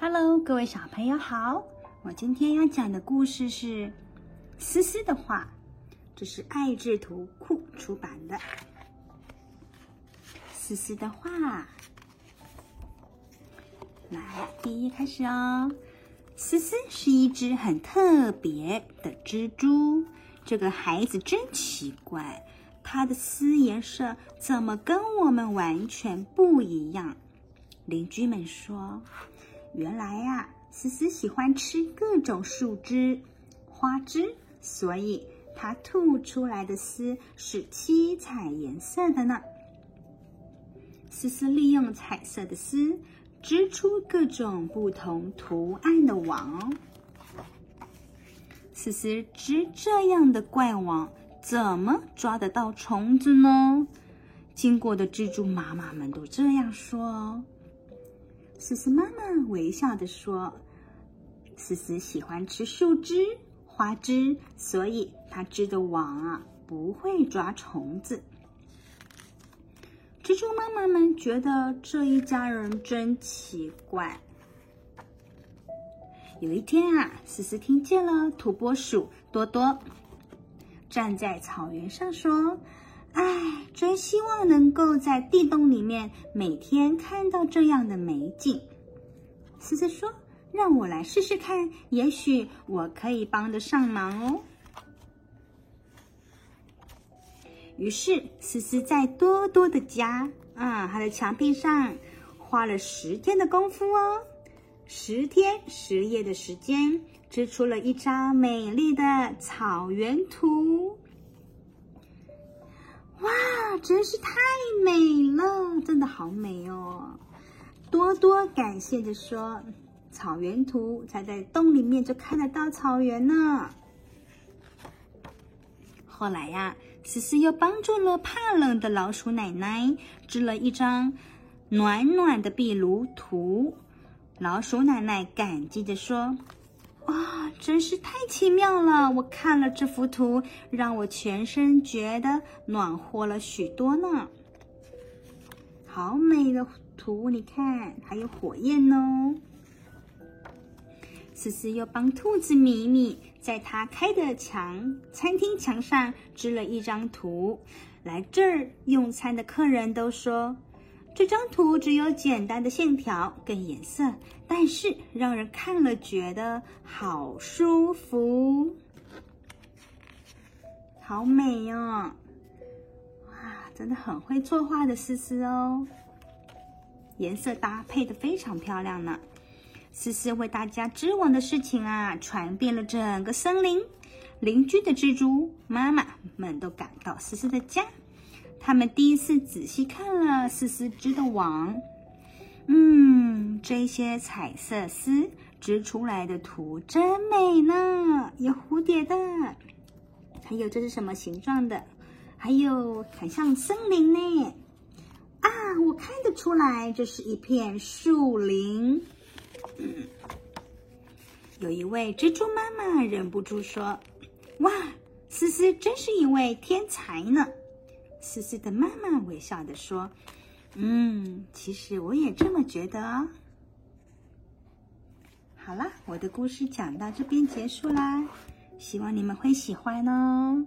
Hello，各位小朋友好！我今天要講的故事是《絲絲的畫》，這是愛智圖庫出版的《絲絲的畫》。來，第一開始哦。絲絲是一隻很特別的蜘蛛。這個孩子真奇怪，它的絲顏色怎麼跟我們完全不一樣？鄰居們說。原來呀、啊，絲絲喜歡吃各種樹枝、花枝，所以它吐出來的絲是七彩顏色的呢。絲絲利用彩色的絲織出各種不同圖案的網哦。絲絲織這樣的怪網，怎麼抓得到蟲子呢？經過的蜘蛛媽媽們都這樣說哦。絲絲媽媽微笑地說：“絲絲喜歡吃樹枝、花枝，所以她織的網啊，不會抓蟲子。”蜘蛛媽媽們覺得這一家人真奇怪。有一天啊，絲絲聽見了土撥鼠多多站在草原上說。哎，真希望能夠在地洞裡面每天看到這樣的美景。絲絲說：“讓我來試試看，也許我可以幫得上忙哦。”於是絲絲在多多的家，啊，他的牆壁上，花了十天的功夫哦，十天十夜的時間，織出了一張美麗的草原圖。哇，真是太美了，真的好美哦！多多感謝的說，草原圖才在洞裡面就看得到草原呢。後來呀、啊，絲絲又幫助了怕冷的老鼠奶奶織了一張暖暖的壁爐圖，老鼠奶奶感激的說。啊、哦，真是太奇妙了！我看了這幅圖，讓我全身覺得暖和了許多呢。好美的圖，你看，還有火焰哦。絲絲又幫兔子米米在它開的牆餐廳牆上織了一張圖，來這兒用餐的客人都說。這張圖只有簡單的線條跟顏色，但是讓人看了覺得好舒服，好美喲、哦！哇，真的很會作畫的絲絲哦，顏色搭配的非常漂亮呢。絲絲為大家織網的事情啊，傳遍了整個森林，鄰居的蜘蛛媽媽們都趕到絲絲的家。他們第一次仔細看了絲絲織的網，嗯，這些彩色絲織出來的圖真美呢，有蝴蝶的，還有這是什麼形狀的？還有很像森林呢！啊，我看得出來，這是一片樹林。嗯，有一位蜘蛛媽媽忍不住說：“哇，絲絲真是一位天才呢。”絲絲的媽媽微笑地說：“嗯，其實我也這麼覺得哦。”好啦，我的故事講到這邊結束啦，希望你們會喜歡哦。